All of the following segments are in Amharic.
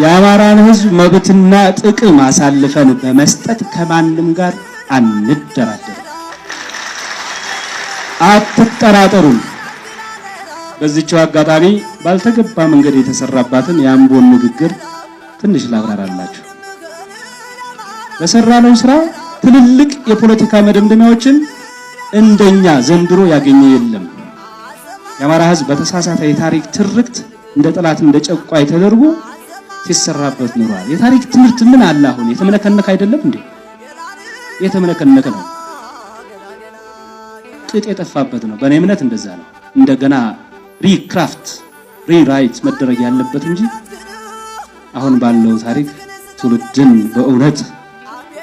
የአማራን ህዝብ መብትና ጥቅም አሳልፈን በመስጠት ከማንም ጋር አንደራደርም። አትጠራጠሩም። በዚችው አጋጣሚ ባልተገባ መንገድ የተሰራባትን የአምቦን ንግግር ትንሽ ላብራራላችሁ። በሰራነው ስራ ትልልቅ የፖለቲካ መደምደሚያዎችን እንደኛ ዘንድሮ ያገኘ የለም። የአማራ ህዝብ በተሳሳተ የታሪክ ትርክት እንደ ጠላት እንደ ጨቋይ ተደርጎ ሲሰራበት ኑሯል። የታሪክ ትምህርት ምን አለ? አሁን የተመለከነከ አይደለም እንዴ? የተመለከነከ ነው፣ ቅጥ የጠፋበት ነው። በእኔ እምነት እንደዛ ነው። እንደገና ሪክራፍት ሪራይት መደረግ ያለበት እንጂ አሁን ባለው ታሪክ ትውልድን በእውነት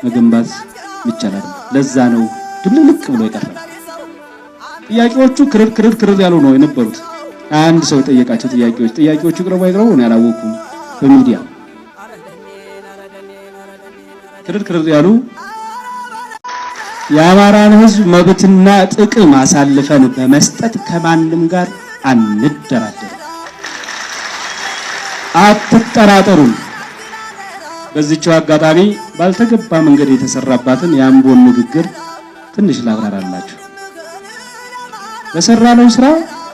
መገንባት ይቻላል። ለዛ ነው ድብልቅ ብሎ የቀረው። ጥያቄዎቹ ክርር ክርር ክርር ያሉ ነው የነበሩት። አንድ ሰው የጠየቃቸው ጥያቄዎች ጥያቄዎቹ ቅረቡ አይቅረቡ ነው ያላወቁም። በሚዲያ ክርር ክርር ያሉ የአማራን ህዝብ መብትና ጥቅም አሳልፈን በመስጠት ከማንም ጋር አንደራደር። አትጠራጠሩም። በዚህችው አጋጣሚ ባልተገባ መንገድ የተሰራባትን የአምቦን ንግግር ትንሽ ላብራራላችሁ። በሰራነው ስራ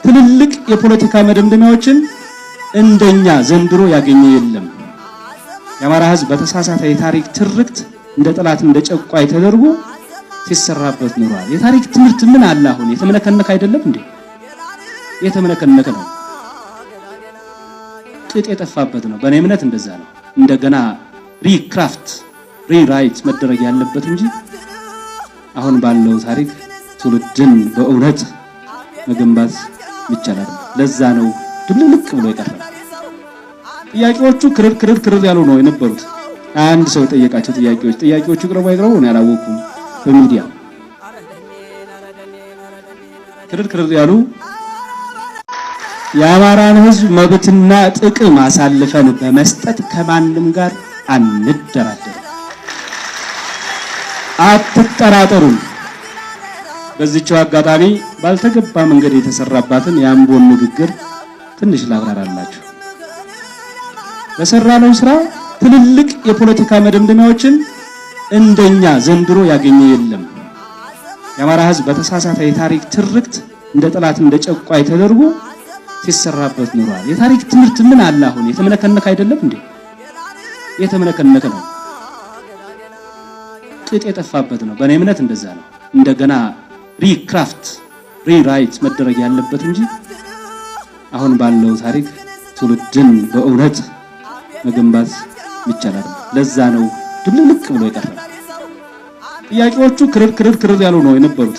ትልልቅ የፖለቲካ መደምደሚያዎችን እንደኛ ዘንድሮ ያገኘ የለም። የአማራ ህዝብ በተሳሳተ የታሪክ ትርክት እንደ ጠላት እንደ ጨቋይ ተደርጎ ሲሰራበት ኑሯል። የታሪክ ትምህርት ምን አለ? አሁን የተመለከነከ አይደለም እንዴ? የተመለከነከ ነው፣ ቅጥ የጠፋበት ነው። በእኔ እምነት እንደዛ ነው። እንደገና ሪክራፍት ሪራይት መደረግ ያለበት እንጂ አሁን ባለው ታሪክ ትውልድን በእውነት መገንባት ይቻላል። ለዛ ነው ድልልቅ ብሎ የቀረበ ጥያቄዎቹ ክርር ክርር ክርር ያሉ ነው የነበሩት። አንድ ሰው የጠየቃቸው ጥያቄዎች ጥያቄዎቹ ቅረቡ አይቅርቡ ነው ያላወቁ በሚዲያ ክርር ክርር ያሉ የአማራን ሕዝብ መብትና ጥቅም አሳልፈን በመስጠት ከማንም ጋር አንደራደርም። አትጠራጠሩም። በዚችው አጋጣሚ ባልተገባ መንገድ የተሰራባትን የአምቦን ንግግር ትንሽ ላብራራላችሁ። በሰራነው ስራ ትልልቅ የፖለቲካ መደምደሚያዎችን እንደኛ ዘንድሮ ያገኘ የለም። የአማራ ህዝብ በተሳሳተ የታሪክ ትርክት እንደ ጠላት እንደ ጨቋይ ተደርጎ ሲሰራበት ኑሯል። የታሪክ ትምህርት ምን አለ? አሁን የተመለከነከ አይደለም እንዴ? የተመለከነከ ነው፣ ቅጥ የጠፋበት ነው። በእኔ እምነት እንደዛ ነው። እንደገና ሪክራፍት ሪራይት መደረግ ያለበት እንጂ አሁን ባለው ታሪክ ትውልድን በእውነት መገንባት ይቻላል። ለዛ ነው ድልልቅ ብሎ የቀረበ። ጥያቄዎቹ ክርር ክርር ክርር ያሉ ነው የነበሩት።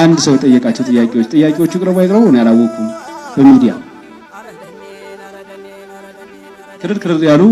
አንድ ሰው የጠየቃቸው ጥያቄዎች ጥያቄዎቹ ቅረቡ አይቅረቡ ነው ያላወኩም። በሚዲያ ክርር ክርር ያሉ